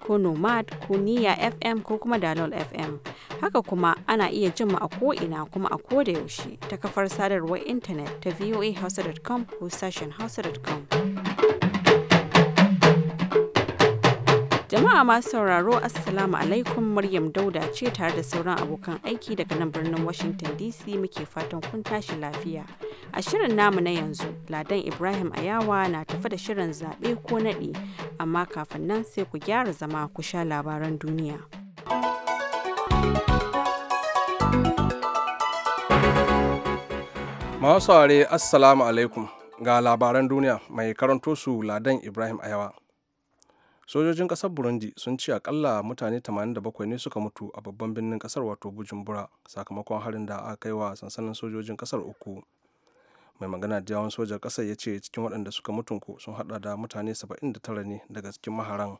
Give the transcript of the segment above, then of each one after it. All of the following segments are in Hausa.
ko nomad ko niya fm ko kuma dalol fm haka kuma ana iya jin mu a ko'ina kuma a ko da yaushe ta kafar sadarwar intanet ta voahausa.com ko sashen hausa.com Jama'a masu sauraro Assalamu alaikum Maryam Dauda ce tare da sauran abokan aiki daga nan birnin Washington DC muke fatan kun tashi lafiya. A shirin namu na yanzu, Ladan Ibrahim Ayawa na tafi da shirin zaɓe ko naɗi, amma kafin nan sai ku gyara zama ku sha labaran duniya. Masu Assalamu alaikum ga labaran duniya mai karanto su Ladan Ibrahim Ayawa. sojojin kasar burundi sun ci akalla mutane 87 ne suka mutu a babban birnin kasar wato bujumbura sakamakon harin da aka kai wa sansanin sojojin kasar uku mai magana da yawan sojan kasar ya ce cikin waɗanda suka mutunku sun hada da mutane 79 ne daga cikin maharan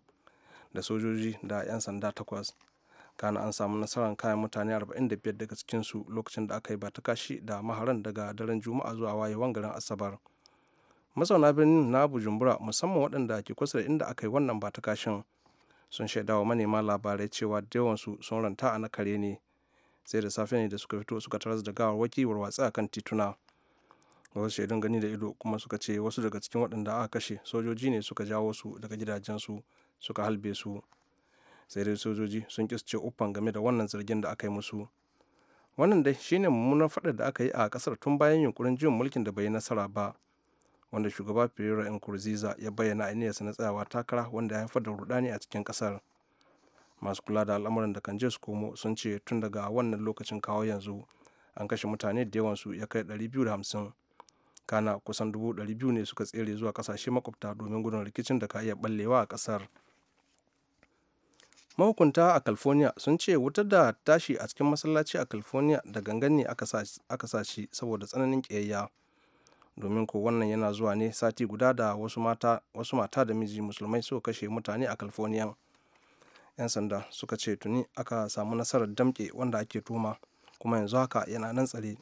da sojoji da 'yan sanda takwas kana an samu nasarar kayan mutane 45 daga cikinsu lokacin da aka yi ba ta kashi da maharan daga daren juma'a zuwa wayewan garin asabar mazauna birnin na bujumbura musamman waɗanda ke kusa da inda aka yi wannan ba ta kashin sun shaidawa manema labarai cewa da yawansu sun ranta a na kare ne sai da safe ne da suka fito suka taras da gawarwaki warwatsa a kan tituna wasu shaidun gani da ido kuma suka ce wasu daga cikin waɗanda aka kashe sojoji ne suka jawo su daga gidajensu suka halbe su sai dai sojoji sun ƙi su uffan game da wannan zargin da aka yi musu wannan dai shine mummunar faɗar da aka yi a ƙasar tun bayan yunkurin jin mulkin da bai yi nasara ba wanda shugaba pierre nkurunziza ya bayyana aniyarsa na tsayawa takara wanda ya haifar da rudani a cikin kasar masu kula da al'amuran da kan je su komo sun ce tun daga wannan lokacin kawo yanzu an kashe mutane da yawansu ya kai 250 kana kusan 200 ne suka tsere zuwa kasashe makwabta domin gudun rikicin da ka iya ballewa a kasar mahukunta a california sun ce wutar da tashi a cikin masallaci a california da gangan ne aka sa saboda tsananin kiyayya domin ko wannan yana zuwa ne sati guda da wasu mata, da miji musulmai suka kashe mutane a california 'yan sanda suka ce tuni aka samu nasarar damke wanda ake tuma kuma yanzu haka yana nan tsare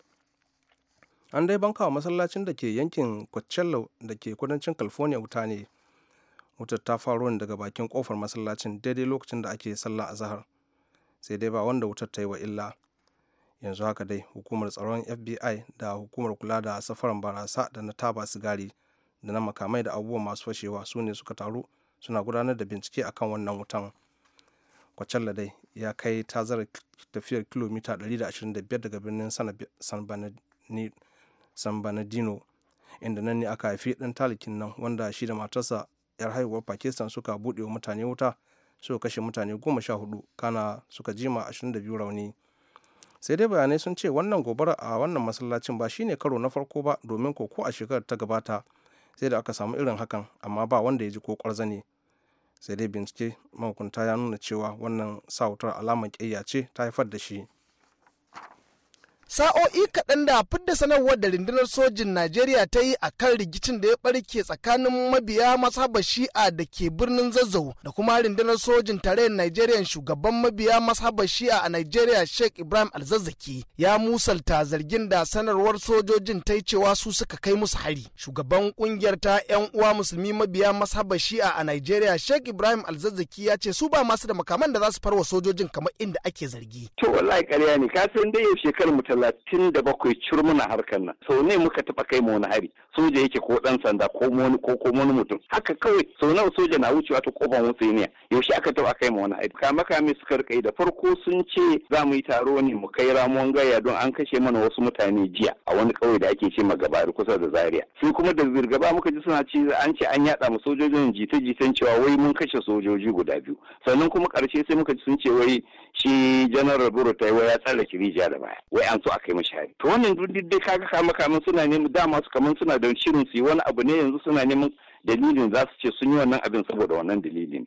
an dai bankawa masallacin da ke yankin coachella da ke kudancin california wuta ne wutar ta faro ne daga bakin kofar masallacin daidai lokacin da ake sallah a zahar sai dai ba wanda wutar ta yi wa illa yanzu haka dai hukumar tsaron fbi da hukumar kula da safaran barasa da na taba sigari da na makamai da abubuwan masu fashewa su ne suka taru suna gudanar da bincike akan wannan wutan kwacalla dai ya kai tazarar tafiyar kilomita 125 daga birnin san banadino inda nan ne aka haifi ɗan talikin nan wanda shi da matarsa 'yar haihuwar pakistan suka buɗe wa mutane wuta suka kashe mutane goma sha hudu kana suka jima 22 rauni sai dai bayanai sun ce wannan gobara a wannan masallacin ba shine karo na farko ba domin koko a shekarar ta gabata sai da aka samu irin hakan amma ba wanda ya ji ko kwarzane sai dai bincike mahukunta ya nuna cewa wannan sa wutar alamar ƙiyya ce ta haifar da shi sa'o'i kaɗan da fidda sanarwar da rundunar sojin najeriya ta yi a kan rigicin da ya ɓarke tsakanin mabiya masaba shi'a da ke birnin zazzau da kuma rundunar sojin tarayyar najeriya shugaban mabiya masaba shi'a a najeriya sheikh ibrahim alzazzaki ya musalta zargin da sanarwar sojojin ta yi cewa su suka kai musu hari shugaban kungiyar ta yan uwa musulmi mabiya masaba shi'a a najeriya sheikh ibrahim alzazzaki ya ce su ba masu da makaman da za su farwa sojojin kamar inda ake zargi to wallahi ƙarya ne ka san dai shekarar mu talatin da bakwai curmuna harkar nan sau ne muka taɓa kai mu wani hari soja yake ko ɗan sanda ko wani ko ko wani mutum haka kawai sau nawa soja na wucewa ta kofar wutsiniya yaushe aka taɓa kai mu wani hari kama kame suka rikai da farko sun ce za mu yi taro ne mu kai ramuwan gaya don an kashe mana wasu mutane jiya a wani kawai da ake ce magabari kusa da zaria sai kuma da zirgaba muka ji suna ce an ce an yaɗa mu sojojin jita-jitan cewa wai mun kashe sojoji guda biyu sannan kuma ƙarshe sai muka ji sun ce wai shi janar buru ta ya tsara kirija da baya wai an mutu aka yi mashi to wannan duk dai kaga kama kaman suna neman dama su kaman suna da shirin su yi wani abu ne yanzu suna neman dalilin za su ce sun yi wannan abin saboda wannan dalilin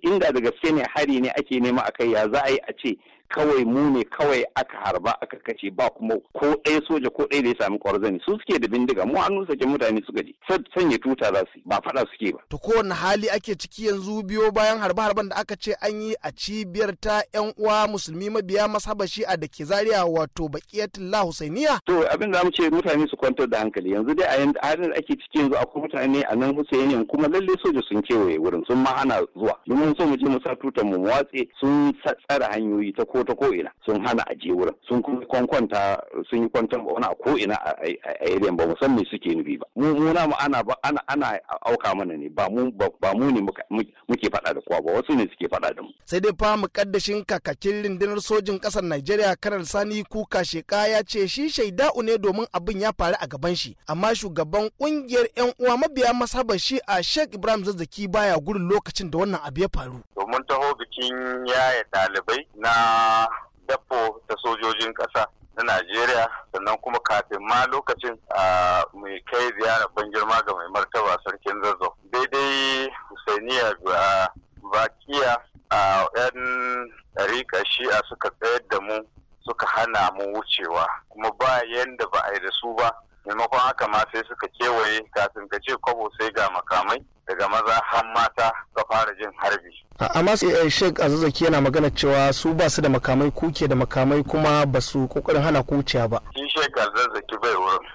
inda da gaske ne hari ne ake nema a kai ya za a yi a ce kawai mu ne kawai aka harba aka kace ba kuma ko ɗaya soja ko ɗaya da ya sami kwarzani su suke da bindiga mu an sake mutane suka ji sanya tuta za su ba faɗa suke ba. To kowane hali ake ciki yanzu biyo bayan harba harban da aka ce an yi a cibiyar ta 'yan uwa musulmi mabiya masabashi a da ke zaria wato la husainiya. To abin da mu ce mutane su kwantar da hankali yanzu dai a yanzu da ake ciki yanzu akwai mutane a nan musu ne kuma lalle soja sun kewaye wurin sun ma hana zuwa domin so mu je mu sa tutar mu watse sun tsara hanyoyi ta ko ta ko ina sun hana a je wurin sun kuma kwankwanta sun yi kwantar ba wani a ko ina a irin ba san me suke nufi ba mu mu na mu ana ana ana auka mana ne ba mu ba mu ne muke faɗa da kowa ba wasu ne suke faɗa da mu sai dai fa mukaddashin kakakin rundunar sojin ƙasar Najeriya Karar Sani Kuka Sheka ya ce shi shaida'u ne domin abin ya faru a gaban shi amma shugaban kungiyar 'yan uwa mabiya masab martaba shi a Sheikh Ibrahim Zazzaki baya gurin lokacin da wannan abu ya faru. Domin taho bikin yaya ɗalibai na dafo ta sojojin ƙasa na Najeriya sannan kuma kafin ma lokacin a mai kai ziyarar ban girma ga mai martaba sarkin zazzau. Daidai Husainiya ga bakiya a 'yan rika shi'a suka tsayar da mu suka hana mu wucewa kuma ba yadda ba a yi da su ba maimakon haka ma sai suka kewaye kafin ka ce kwabo sai ga makamai daga maza har mata ka fara jin harbi. amma eh, sheik azazaki yana magana cewa su ba su da makamai kuke da makamai kuma ba su kokarin hana kuciya ba. shi sheik zazzaki bai wurin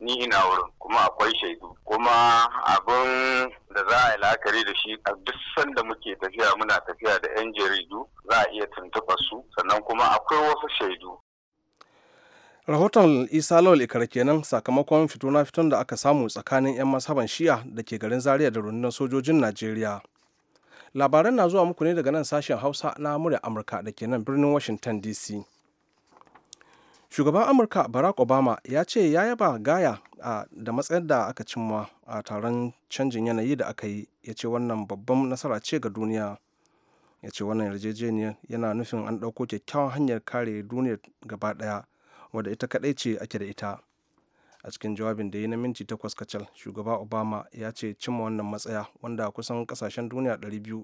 ni ina wurin kuma akwai shaidu kuma abin da za a yi la'akari da shi a duk sanda muke tafiya muna tafiya da yan jaridu za a iya tuntuɓa su sannan kuma akwai wasu shaidu rahoton isa lawal ikara kenan sakamakon fito na fiton da aka samu tsakanin 'yan masaban shiya da ke garin zaria da rundunar sojojin najeriya labaran na zuwa muku ne daga nan sashen hausa na murya amurka da ke nan birnin washington dc shugaban amurka barack obama ya ce ya yaba gaya da matsayar da aka cimma a taron canjin yanayi da aka yi ya ce wannan babban nasara ce ga duniya ya ce wannan yarjejeniyar yana nufin an ɗauko kyakkyawan hanyar kare duniyar gaba ɗaya wadda ita kaɗai ce ake da ita a cikin jawabin da ya na minti takwas kacal shugaba obama ya ce cimma wannan matsaya wanda kusan kasashen duniya 200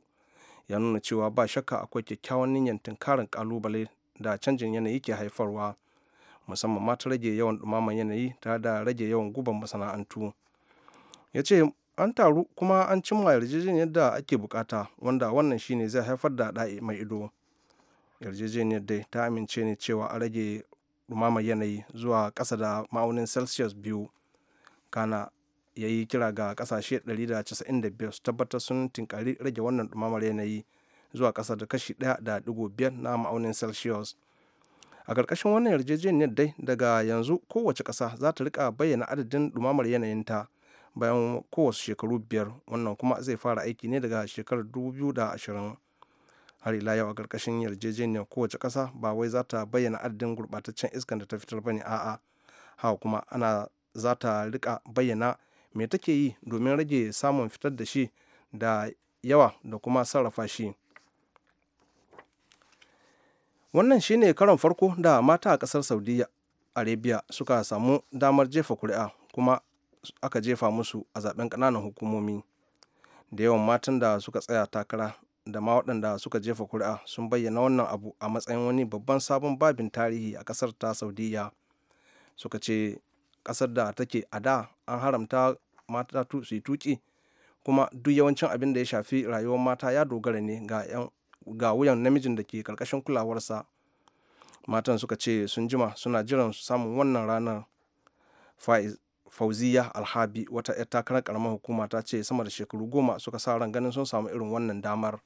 ya nuna cewa ba shakka akwai kyakkyawan niyyar tunkarin kalubale da canjin yanayi ke haifarwa musamman ma ta rage yawan dumaman yanayi ta da rage yawan guban masana'antu ya ce an taru kuma an cimma yarjejeniyar da ake bukata wanda wannan shine zai haifar da da'i mai ido yarjejeniyar dai ta amince ne cewa a rage dumamar yanayi zuwa ƙasa da ma'aunin celsius biyu kana ya yi kira ga ƙasashe 195 su tabbatar sun tinkari rage wannan dumamar yanayi zuwa ƙasa da kashi 1.5 na ma'aunin celsius a ƙarƙashin wannan yarjejeniyar dai daga yanzu kowace ƙasa za ta rika bayyana adadin ɗumamar yanayinta bayan kowace shekaru biyar wannan kuma zai fara aiki ne daga shekarar 2020 har ila yau a ƙarƙashin yarjejeniyar kowace ƙasa ba wai za ta bayyana adadin gurɓataccen iskan da ta fitar ba ne a'a haka kuma ana za ta rika bayyana me take yi domin rage samun fitar da shi da yawa da kuma sarrafa shi wannan shine karon farko da mata a ƙasar saudiya arabia suka samu damar jefa kuri'a kuma aka jefa musu a zaben ƙananan hukumomi da yawan matan da suka tsaya takara da ma waɗanda suka jefa kuri'a sun bayyana wannan abu a matsayin wani babban sabon babin tarihi a ƙasar ta saudiyya suka ce ƙasar da take a da an haramta mata su yi tuki kuma duk yawancin abin da ya shafi rayuwar mata ya dogara ne ga wuyan namijin da ke ƙarƙashin kulawarsa matan suka ce sun jima suna jiran samun wannan ranar fauziya alhabi wata 'yar takarar karamar hukuma ta ce sama da shekaru goma suka sa ran ganin sun samu irin wannan damar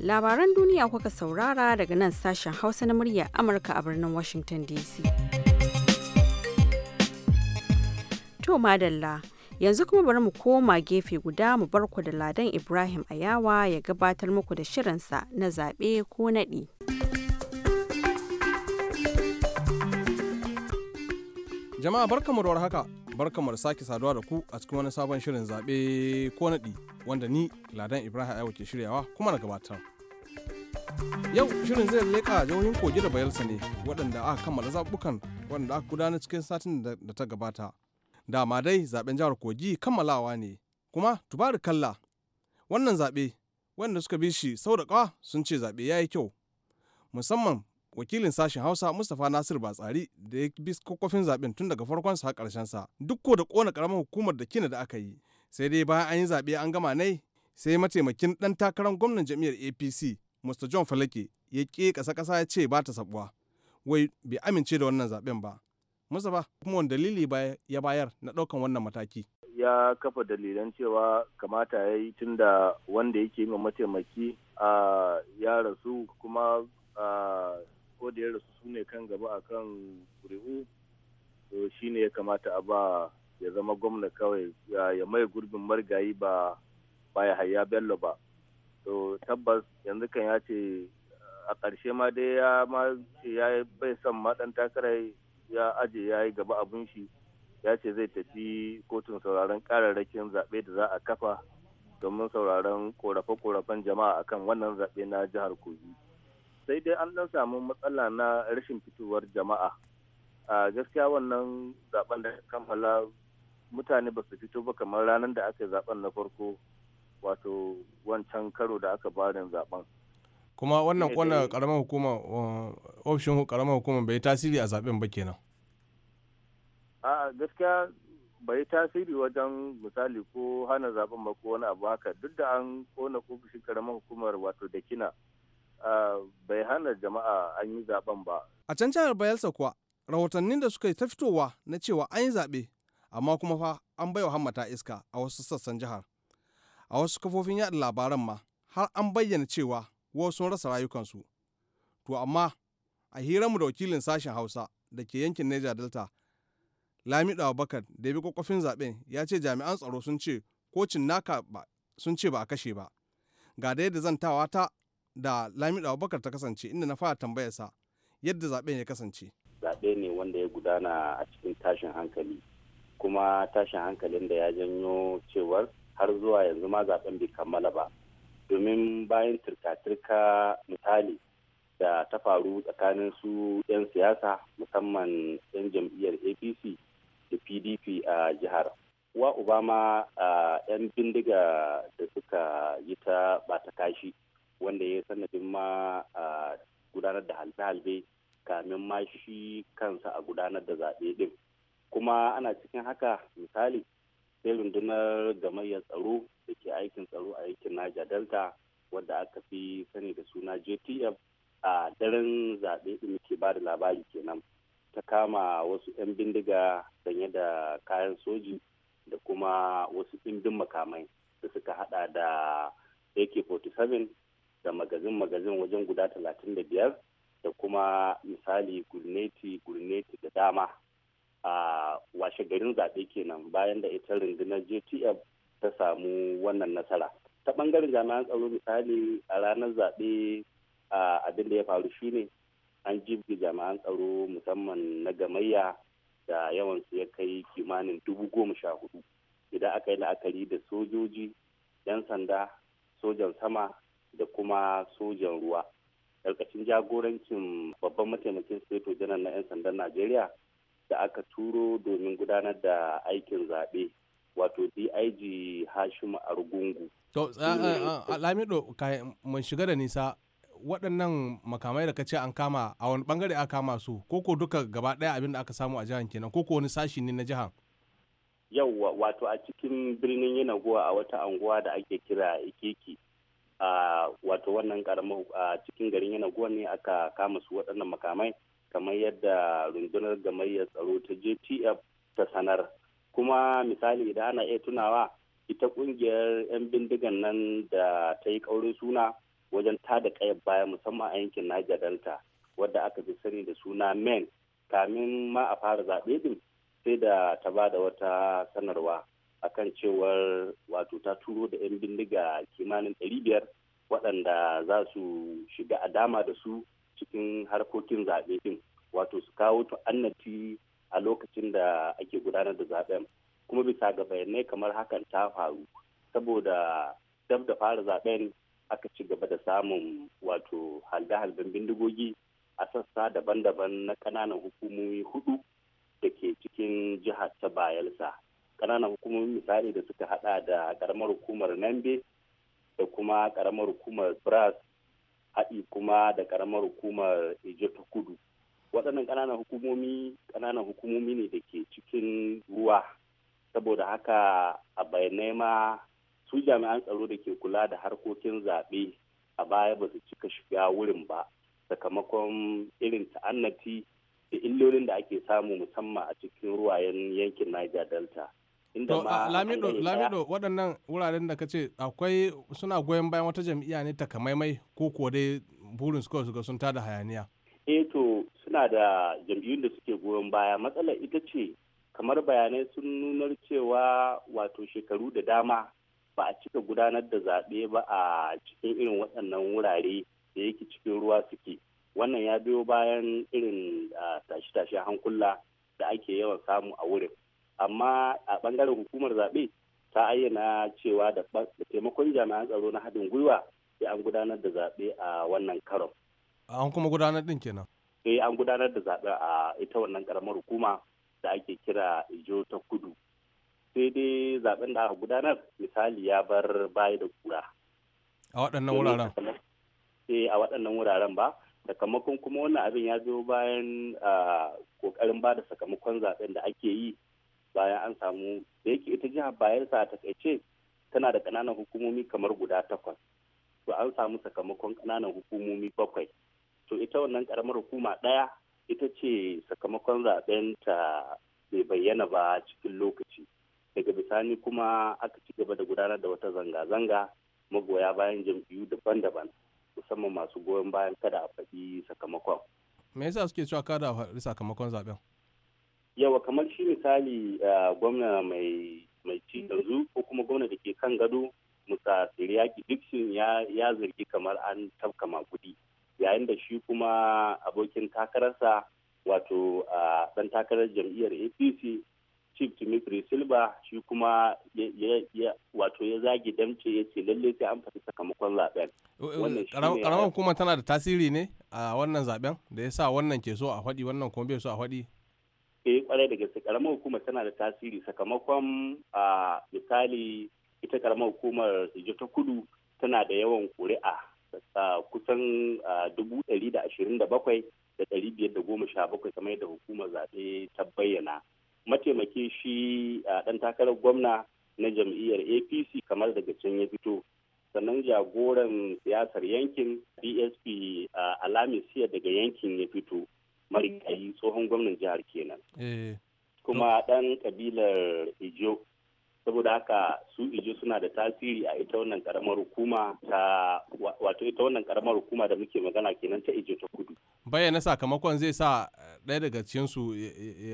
Labaran duniya kuka saurara daga nan sashen Hausa na murya Amurka a birnin Washington DC. To madalla. yanzu kuma bari mu koma gefe guda mu barku da ladan ibrahim ayawa ya gabatar muku da shirinsa na zaɓe ko naɗi. Jama'a barkamu da haka barkamu da sake saduwa da ku a cikin wani sabon shirin zaɓe ko naɗi wanda ni Ladan Ibrahim Aiwa ke shiryawa kuma na gabatar. Yau shirin zai leƙa jihohin Kogi da Bayelsa ne waɗanda aka kammala zaɓukan waɗanda aka gudanar cikin satin da ta gabata. Dama dai zaɓen jihar Kogi kammalawa ne kuma tubari kalla wannan zaɓe wanda suka bi shi sau da sun ce zaɓe ya yi kyau musamman wakilin sashen hausa mustapha nasir batsari da ya bi kokofin zaben tun daga farkon sa karshen sa duk ko da kona karamar hukumar da kina da aka yi sai dai bayan an yi zaɓe an gama nai sai mataimakin dan takarar gwamnan jami'ar apc mr john falake ya ke kasa kasa ya ce ba ta sabuwa wai bai amince da wannan zaben ba mustapha kuma wani dalili ya bayar na ɗaukan wannan mataki ya kafa dalilan cewa kamata ya yi tun da wanda yake yi mataimaki ah, ya rasu kuma ah, ko da ya rasu su ne kan gaba a kan kuri'u to shi ne ya kamata a ba ya zama gwamna kawai ya mai gurbin margayi ba ba ya haya bello ba to tabbas yanzu kan ya ce a ƙarshe ma dai ya ma ya bai son ma ɗan takarar ya aje ya yi gaba abun shi ya ce zai tafi kotun sauraron ƙararrakin zaɓe da za a kafa domin sauraron korafe-korafen jama'a akan wannan zaɓe na jihar kogi sai dai an dan samu matsala na rashin fitowar jama'a a gaskiya wannan zaben da kammala mutane ba su fito ba kamar ranar da aka zaben na farko wato wancan karo da aka barin zaben kuma wannan eh, kwanan eh. karamar hukuma uh, option karamar hukuma bai tasiri a zaben ba kenan a gaskiya bai tasiri wajen misali ko hana zaben ba ko wani abu haka duk da an kona ofishin karamar hukumar wato da kina bai hana jama'a an yi zaben ba. A can jihar Bayelsa kuwa rahotannin da suka yi ta fitowa na cewa an yi zaɓe amma kuma fa an bai wa hammata iska a wasu sassan jihar. A wasu kafofin yaɗa labaran ma har an bayyana cewa wasu sun rasa rayukansu. To amma a hiranmu da wakilin sashen Hausa da ke yankin Niger Delta Lamido Abubakar da ya bi kwakwafin zaɓen ya ce jami'an tsaro sun ce kocin naka sun ce ba a kashe ba. Ga da yadda zantawa ta da Lamido Abubakar ta kasance inda na fara tambayarsa yadda zaɓen ya kasance. Zaɓe ne wanda ya gudana a cikin tashin hankali kuma tashin hankalin da ya janyo cewar har zuwa yanzu ma zaɓen bai kammala ba. Domin bayan turka-turka misali da ta faru tsakanin su 'yan siyasa musamman 'yan jam'iyyar APC da PDP a jihar. Wa Obama 'yan bindiga da suka yi ta ɓata kashi. wanda ya sanadin ma gudanar da halbe-halbe kamin ma shi kansa a gudanar da zaɓe ɗin kuma ana cikin haka misali sai rundunar gamayyar tsaro da ke aikin tsaro a yankin naja delta wadda aka fi sani da suna jtf a daren zaɓe ɗin ke ba da labari kenan ta kama wasu 'yan bindiga sanye da kayan soji da kuma wasu ɗimbin makamai da suka hada da ak-47 da magazin-magazin wajen guda talatin da biyar da kuma misali gurneti gurneti da dama a washe garin zaɓe kenan bayan da ita rundunar jtf ta samu wannan nasara ta ɓangaren jami'an tsaro misali a ranar zaɓe abin da ya faru shine an jibge jami'an tsaro musamman na gamayya da yawansu ya kai kimanin dubu goma sha hudu idan aka yi la'akari da sojoji 'yan sanda sojan sama da kuma sojan ruwa karkashin jagorancin babban mataimakin seto janar na 'yan sandan najeriya da aka turo domin gudanar da aikin zaɓe wato dig hashim argungu to alamido mun shiga da nisa waɗannan makamai da ka ce an kama a wani bangare aka kama su koko duka gaba ɗaya abin da aka samu a jihar kenan koko wani sashi ne na jihar yau wato a cikin birnin yanagowa a wata anguwa da ake kira ikeki wato wannan karamar a cikin garin yana guwa ne aka kama su waɗannan makamai kamar yadda rundunar gamayyar tsaro ta jtf ta sanar kuma misali idan ana iya tunawa ita kungiyar 'yan bindigan nan da ta yi kaurin suna wajen tada kayan baya musamman a yankin Niger Delta wadda aka fi sani da suna men kamin ma a fara zaɓe din sai da ta ba da wata sanarwa akan cewar wato ta turo da 'yan bindiga kimanin 500 waɗanda za su shiga a dama da su cikin harkokin zaɓe ɗin wato su kawo annati a lokacin da ake gudanar da zaɓen kuma bisa ga bayanai kamar hakan ta faru saboda dab da fara zaɓen aka ci gaba da samun wato halbe-halben bindigogi a sassa daban-daban na ƙananan hukumomi hudu da ke cikin jihar ta bayelsa ƙananan hukumomi misali da suka hada da ƙaramar hukumar nambe da kuma karamar hukumar bras haɗi kuma da karamar hukumar egypt kudu waɗannan ƙananan hukumomi ƙananan hukumomi ne da ke cikin ruwa saboda haka a bayanai ma su jami'an tsaro da ke kula da harkokin zaɓe a baya ba su cika shiga wurin ba sakamakon irin ta'annati da illolin da ake samu musamman a cikin ruwayen yankin niger delta Lamido, waɗannan wuraren da ka ce akwai suna goyon bayan wata jam'iyya ne takamaimai ko kuwa dai burin su kawai sun tada hayaniya. Eh to suna da jam'iyyun da suke goyon baya matsalar ita ce kamar bayanai sun nunar cewa wato shekaru da dama ba a cika gudanar da zaɓe ba a cikin irin waɗannan wurare da yake cikin ruwa suke wannan ya biyo bayan irin ah, tashe-tashen hankula da ake yawan samu a wurin. amma a bangaren hukumar zaɓe ta ayyana cewa da taimakon jami'an tsaro na haɗin gwiwa sai an gudanar da zaɓe a wannan karon. An kuma gudanar ɗin kenan? Eh an gudanar da zaɓe a ita wannan ƙaramar hukuma da ake kira Ijo ta Kudu. Sai dai zaɓen da aka gudanar misali ya bar baya da kura. A waɗannan wuraren? Eh a waɗannan wuraren ba. Sakamakon kuma wannan abin ya biyo bayan ah, ƙoƙarin ba da sakamakon zaɓen da ake yi bayan an samu da yake ita jihar bayelsa a takaice tana da kananan hukumomi kamar guda takwas to an samu sakamakon kananan hukumomi bakwai to ita wannan karamar hukuma daya ita ce sakamakon zaben ta bai bayyana ba cikin lokaci daga bisani kuma aka ci gaba da gudanar da wata zanga-zanga magoya bayan jam'iyyu daban-daban musamman masu goyon bayan kada a faɗi sakamakon me yasa suke cewa kada a faɗi sakamakon zaben yawa kamar shi misali gwamna mai mai ci mm-hmm. yanzu ko kuma gwamna da ke kan gado musa siriyaki dixon ya zargi kamar an tafka makudi yayin da shi kuma abokin takararsa wato dan takarar jam'iyyar apc chief timothy silva shi kuma wato ya zagi damce ya ce lalle sai an fata sakamakon zaben karamar hukuma tana da tasiri ne a wannan zaben da ya sa wannan ke so a faɗi wannan kuma bai so a faɗi eh kwarai da gaske karamar hukumar tana da tasiri sakamakon a misali ita karamar hukumar ijo ta kudu tana da yawan kuri'a kusan dubu ɗari da ashirin da bakwai da ɗari biyar da goma sha bakwai kamar yadda hukumar zaɓe ta bayyana mataimaki shi a ɗan takarar gwamna na jam'iyyar apc kamar daga can ya fito sannan jagoran siyasar yankin dsp a siya daga yankin ya fito marigayi tsohon gwamnan jihar kenan eh. kuma ɗan kabilar ijo saboda haka su ijo suna da tasiri a ita wannan karamar hukuma ta wato ita wannan karamar hukuma da muke magana kenan ta ijo ta kudu bayyana sakamakon zai sa ɗaya daga cikin su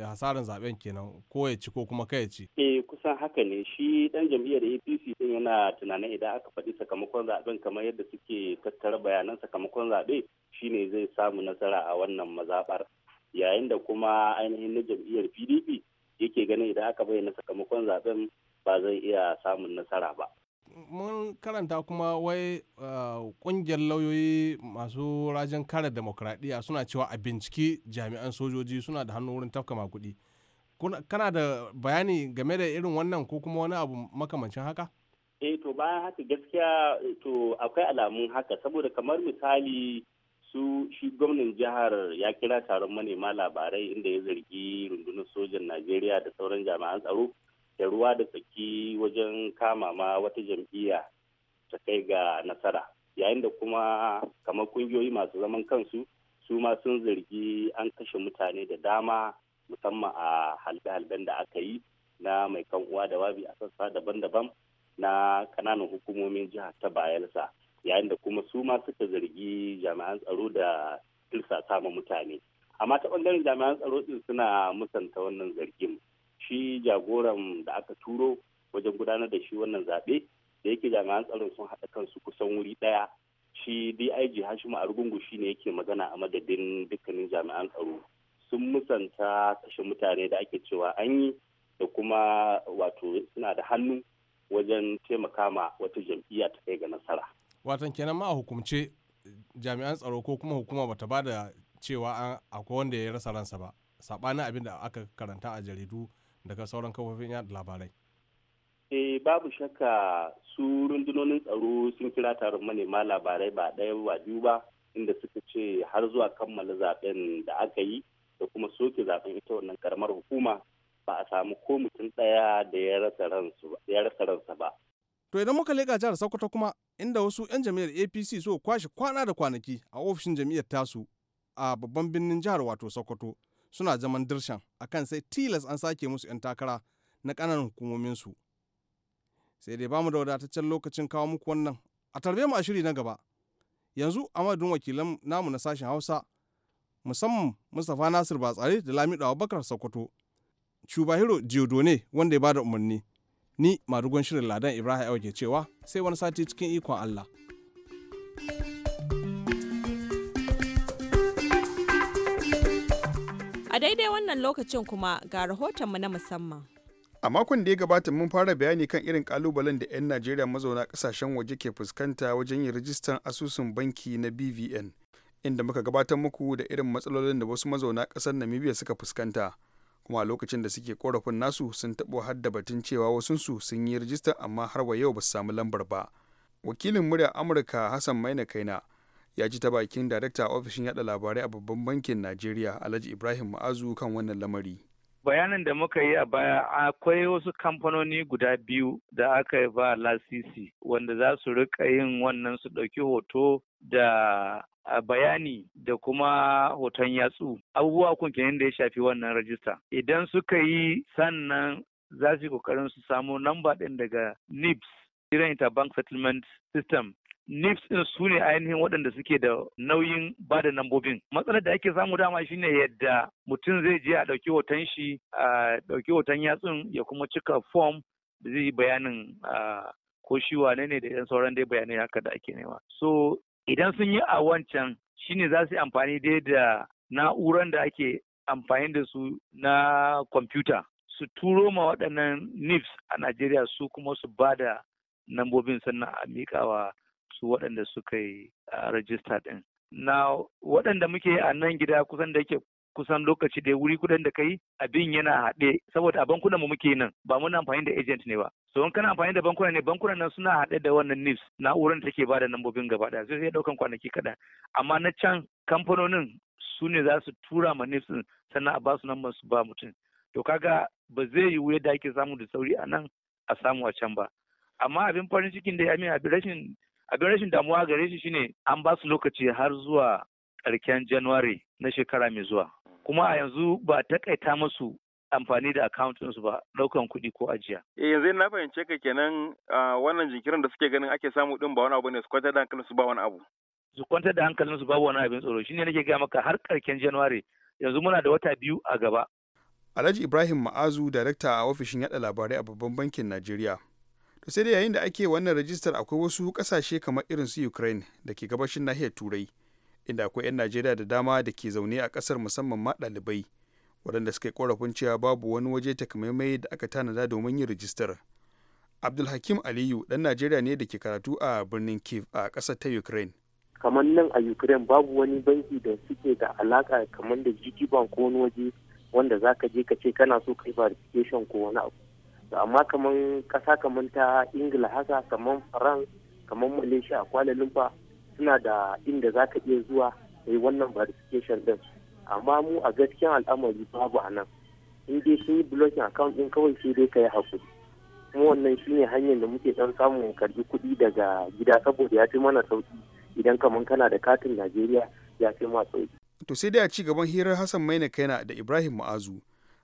hasarin zaben kenan ko ya ci ko kuma kai ci eh kusan haka ne shi dan jam'iyyar APC din yana tunanin idan aka faɗi sakamakon zaben kamar yadda suke tattara bayanan sakamakon zaɓe shine zai samu nasara a wannan mazabar yayin da kuma ainihin na jam'iyyar PDP yake ganin idan aka bayyana sakamakon zaben ba zai iya samun nasara ba. mun karanta kuma wai kungiyar uh, lauyoyi masu rajin kare demokradiyya suna cewa a binciki jami'an sojoji suna da hannu wurin tafka makudi kana da bayani game da irin wannan ko kuma wani abu makamancin haka eh to bayan haka gaskiya to akwai alamun haka saboda kamar misali su shi gwamnan jihar ya kira taron manema labarai inda ya zargi rundunar sojan najeriya da sauran jami'an tsaro da ruwa da tsaki wajen kama ma wata jam'iyya ta kai ga nasara yayin da kuma kamar kungiyoyi masu zaman kansu su ma sun zargi an kashe mutane da dama musamman a halbe-halben da aka yi na mai kan uwa da wabi a sassa daban-daban na kananan hukumomin jiha ta bayelsa yayin da kuma su ma suka zargi jami'an tsaro da tilsa sama mutane amma ta bangaren jami'an tsaro din suna musanta wannan zargin shi jagoran da aka turo wajen gudanar da shi wannan zaɓe da yake jami'an tsaron sun haɗa kansu kusan wuri ɗaya shi dig hashimu argungu shi ne yake magana a madadin dukkanin jami'an tsaro sun musanta kashe mutane da ake cewa an yi da kuma wato suna da hannu wajen taimaka ma wata jam'iyya ta kai ga nasara watan kenan ma a hukumce jami'an tsaro ko kuma hukuma bata ba da cewa akwai wanda ya rasa ransa ba saɓanin abin da aka karanta a jaridu daga sauran kafofin yada labarai eh babu shakka su rundunonin tsaro sun kira taron manema labarai ba ɗaya ba biyu ba inda suka ce har zuwa kammala zaben da aka yi da kuma soke zaben ita wannan karamar hukuma ba a samu ko mutum ɗaya da ya rasa ransa ba To idan muka leƙa jihar Sokoto kuma inda wasu 'yan jam'iyyar APC so kwashe kwana da kwanaki a ofishin jami'ar tasu a babban birnin jihar wato Sokoto suna zaman dirshan kan sai tilas an sake musu 'yan takara na ƙananan hukumominsu sai dai bamu da wadataccen lokacin kawo muku wannan a tarbe mu a shiri na gaba yanzu a madadin wakilan namu na sashen hausa musamman mustapha nasir batsare da lamido Bakar sokoto shubahiro ne wanda ya bada umarni ni madugon shirin ladan ibrahim ke cewa sai wani sati cikin ikon allah daidai wannan lokacin kuma ga rahotonmu na musamman. A makon da ya gabata mun fara bayani kan irin kalubalen da 'yan Najeriya mazauna kasashen waje ke fuskanta wajen yin rijistar asusun banki na BVN, inda muka gabatar muku da irin matsalolin da wasu mazauna ƙasar Namibia suka fuskanta. Kuma a lokacin da suke korafin nasu sun taɓo hadda batun cewa wasunsu sun yi rijistar amma har wa yau ba su samu lambar ba. Wakilin murya Amurka Hassan Maina Kaina ya ji ta bakin darakta ofishin yada labarai a babban bankin najeriya alhaji ibrahim ma'azu kan wannan lamari bayanin da muka yi a baya akwai wasu kamfanoni guda biyu da aka yi ba lasisi wanda za su rika yin wannan su ɗauki hoto da bayani da kuma hoton yatsu abubuwa kunkiyanin da ya shafi wannan rajista idan suka yi sannan za su yi kokarin su samo namba ɗin daga nips Iran bank Settlement System NIPS ɗin su ne ainihin waɗanda suke da nauyin ba da nambobin. Matsalar da ake samu dama shine yadda mutum zai je a ɗauki hoton shi a ɗauki hoton yatsun ya kuma cika fom da zai yi bayanin ko shi wane ne da yan sauran dai bayanai haka da ake nema. So idan sun yi a wancan shi ne za su yi amfani dai da na'uran da ake amfani da su na kwamfuta su turo ma waɗannan NIPS a Najeriya su kuma su ba da nambobin sannan a miƙawa su waɗanda suka yi a rajista ɗin. Na waɗanda muke a nan gida kusan da yake kusan lokaci da wuri kuɗin da kai abin yana haɗe saboda a bankunan mu muke nan ba muna amfani da agent ne ba so in kana amfani da bankuna ne bankunan nan suna haɗe da wannan NIFS na'urar da take bada nambobin gaba ɗaya sai ɗaukan kwanaki kaɗan amma na can kamfanonin su ne za su tura ma NIFS ɗin sannan a ba su namban su ba mutum to kaga ba zai yiwu yadda ake samu da sauri a nan a samu a can ba amma abin farin cikin da ya abin rashin abin rashin damuwa gare shi shine an ba su lokaci har zuwa ƙarshen january na shekara mai zuwa kuma a yanzu ba takaita musu amfani da su ba daukan kuɗi ko ajiya. Eh yanzu na fahimce ka kenan wannan jinkirin da suke ganin ake samu din ba wani abu ne su kwantar da hankalin su ba wani abu. Su kwantar da hankalin su ba wani abin tsoro shine nake ga maka har karken January yanzu muna da wata biyu a gaba. Alhaji Ibrahim Ma'azu darakta a ofishin yada labarai a babban bankin Najeriya. to sai dai yayin da ake wannan rajistar akwai wasu kasashe kamar irin su ukraine da ke gabashin nahiyar turai inda akwai 'yan najeriya da dama da ke zaune a kasar musamman ma ɗalibai waɗanda suka yi korafin cewa babu wani waje takamaimai da aka tanada domin yin rajistar abdulhakim aliyu ɗan najeriya ne da ke karatu a birnin kiev a ƙasar ta ukraine kamar nan a ukraine babu wani banki da suke da alaka kamar da gtbank ko wani waje wanda za ka je ka ce kana so ka yi verification ko wani abu amma kamar ƙasa kamar ta ingila haka kamar faran kamar malaysia a kuala suna da inda za ka iya zuwa yi wannan verification din amma mu a gaskiyan al'amari babu a nan in dai sun yi blocking account din kawai sai dai ka yi hakuri kuma wannan shine hanyar da muke dan samun karbi kuɗi daga gida saboda ya fi mana sauki idan kamar kana da katin najeriya ya fi ma sauki to sai dai a ci gaban hirar hassan maina kaina da ibrahim ma'azu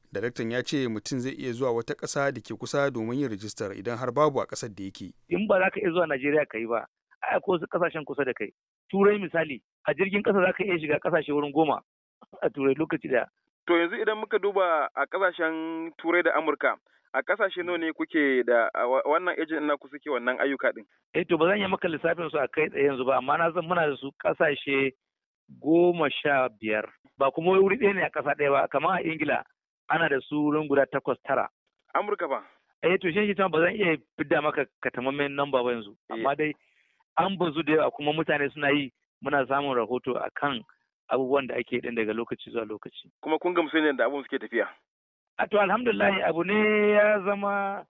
daraktan ya ce mutum zai iya zuwa wata ƙasa da ke kusa domin yin rijistar idan har babu a ƙasar da yake in ba za ka iya zuwa najeriya ka yi ba ai ko wasu ƙasashen kusa da kai turai misali a jirgin ƙasa za ka iya shiga ƙasashe wurin goma a turai lokaci da. to yanzu idan muka duba a ƙasashen turai da amurka a ƙasashe nawa ne kuke da wannan ejin na kusa ke wannan ayyuka din eh to ba zan yi maka lissafin su a kai tsaye yanzu ba amma na san muna da su ƙasashe goma sha biyar ba kuma wuri ɗaya ne a ƙasa ɗaya ba kamar a ingila ana da su wurin guda takwas tara amurka ba eh to shi ta ba zan iya fidda maka katamammen namba ba yanzu eh. amma dai an bazu da yawa kuma mutane suna yi muna samun rahoto a kan abubuwan da ake din daga lokaci zuwa lokaci kuma kun gamsu ne da abun suke tafiya a to alhamdulillah abu ne ya zama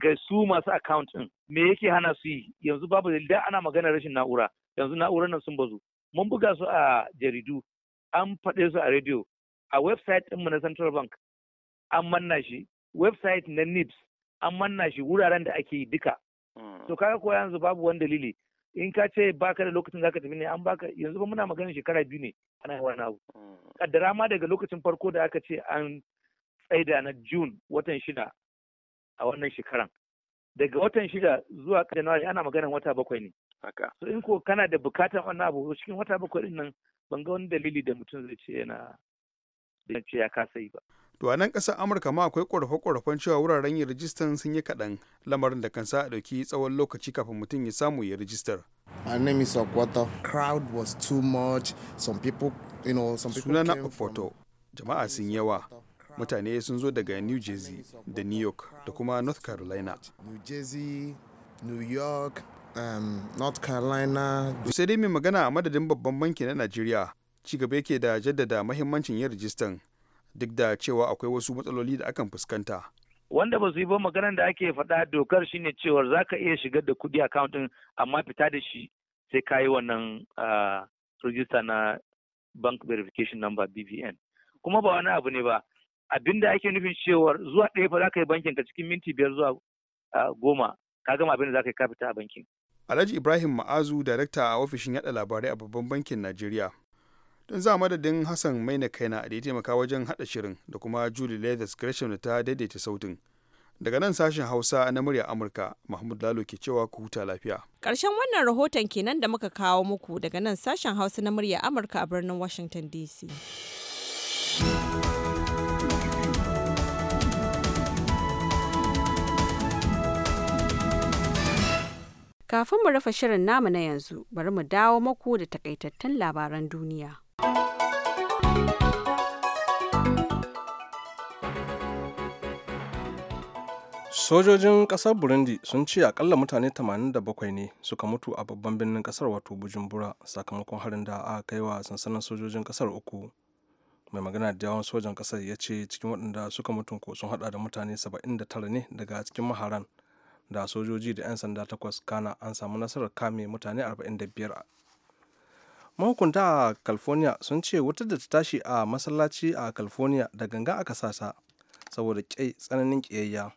ga su masu account din me yake hana su yi yanzu babu da ana magana rashin na'ura yanzu na'urar nan sun bazu mun buga su a jaridu an faɗe su a rediyo a website mu na central bank an manna shi website na nips an manna shi wuraren da ake yi duka hmm. to kaga ko yanzu babu wani dalili in ka ce baka da lokacin zaka tafi ne an baka yanzu ba muna maganin shekara biyu ne ana wani abu hmm. kaddara ma daga lokacin farko da aka ce an tsaida na june watan shida a wannan shekaran daga watan shida zuwa januari ana maganin wata bakwai ne so in ko kana da bukatar wannan abu cikin wata bakwai din nan ban ga wani dalili da mutum zai ce yana ya kasa yi ba to a nan ƙasar amurka ma akwai ƙorafe-ƙorafen cewa wuraren yin rijistan sun yi kaɗan lamarin da kan sa a ɗauki tsawon lokaci kafin mutum ya samu ya rijistar my name is was too much some sunana jama'a sun yawa mutane sun zo daga new jersey da new york da kuma north carolina new jersey new york um, north carolina sai dai mai magana a madadin babban banki na najeriya ci gaba yake da jaddada mahimmancin yin rijistan duk da cewa akwai wasu matsaloli da akan fuskanta. Wanda ba su yi ba maganar da ake faɗa dokar shine cewar za ka iya shigar da kuɗi akawuntin amma fita da shi sai ka yi wannan ah, rijista na bank verification number BVN. Kuma ba wani abu ne ba. Abin ake nufin cewar zuwa ɗaya fa za ka yi bankin ka cikin minti biyar zuwa ah, goma ka gama abin da za ka yi ka fita a bankin. Alhaji Ibrahim Ma'azu, darakta a ofishin yaɗa labarai a babban bankin Najeriya, don za madadin hassan maina kaina da ya taimaka wajen hada shirin da kuma julie leathers gresham da ta daidaita sautin daga nan sashen hausa na murya amurka mahmud lalo ke cewa ku huta lafiya ƙarshen wannan rahoton kenan da muka kawo muku daga nan sashen hausa na murya amurka a birnin washington dc Kafin mu rufe shirin namu na yanzu, bari mu dawo maku da takaitattun labaran duniya. sojojin kasar burundi sun ce akalla mutane 87 ne suka mutu a babban birnin kasar wato bujumbura sakamakon harin da aka kai wa sansanin sojojin kasar uku mai magana da yawan sojan kasar ya ce cikin waɗanda suka mutu ko sun haɗa da mutane 79 ne daga cikin maharan da sojoji da 'yan sanda takwas kana an samu nasarar kame mutane 45 mahukunta a california sun ce wutar da ta tashi a masallaci a california da ganga aka sata saboda tsananin ƙiyayya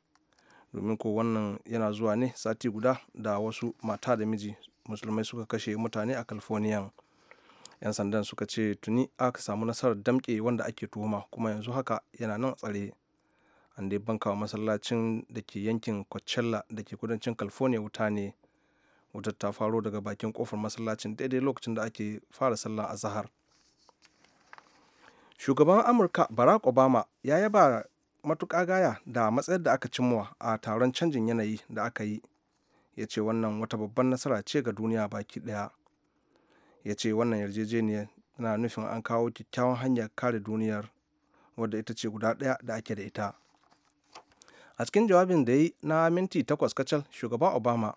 domin ko wannan yana zuwa ne sati guda da wasu mata da miji musulmai suka kashe mutane a california 'yan sandan suka ce tuni aka samu nasarar damke wanda ake tuhuma kuma yanzu haka yana nan tsare an dai bankawa masallacin da ke yankin coachella da ke kudancin california wuta ne wutar ta faro daga bakin kofar masallacin daidai lokacin da ake fara sallah a zahar shugaban amurka barack obama ya yaba matuƙa gaya da matsayar da aka cimma a taron canjin yanayi da aka yi ya ce wannan wata babban nasara ce ga duniya baki ɗaya ya ce wannan yarjejeniyar na nufin an kawo kyakkyawan hanyar kare duniyar wadda ita ce guda ɗaya da ake da ita a cikin jawabin da yi na minti takwas kacal shugaba obama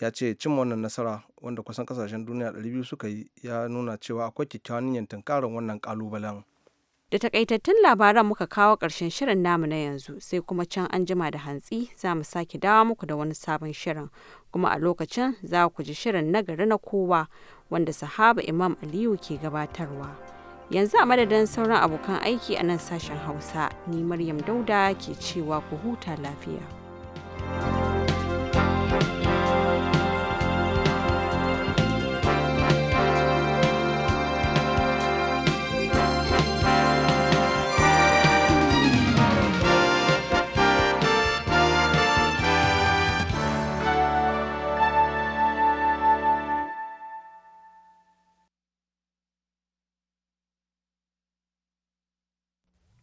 ya ce cin wannan nasara wanda kusan kasashen duniya 200 suka yi ya nuna cewa akwai kyakkyawan yin tunkarar wannan kalubalen Da takaitattun labaran muka kawo ƙarshen shirin namu na yanzu sai kuma can an jima da hantsi za mu sake dawo muku da wani sabon shirin kuma a lokacin za ku ji shirin na gari na kowa wanda sahaba Imam Aliyu ke gabatarwa. Yanzu a madadin sauran abokan aiki a nan sashen Hausa, ni Maryam Dauda ke cewa ku huta lafiya.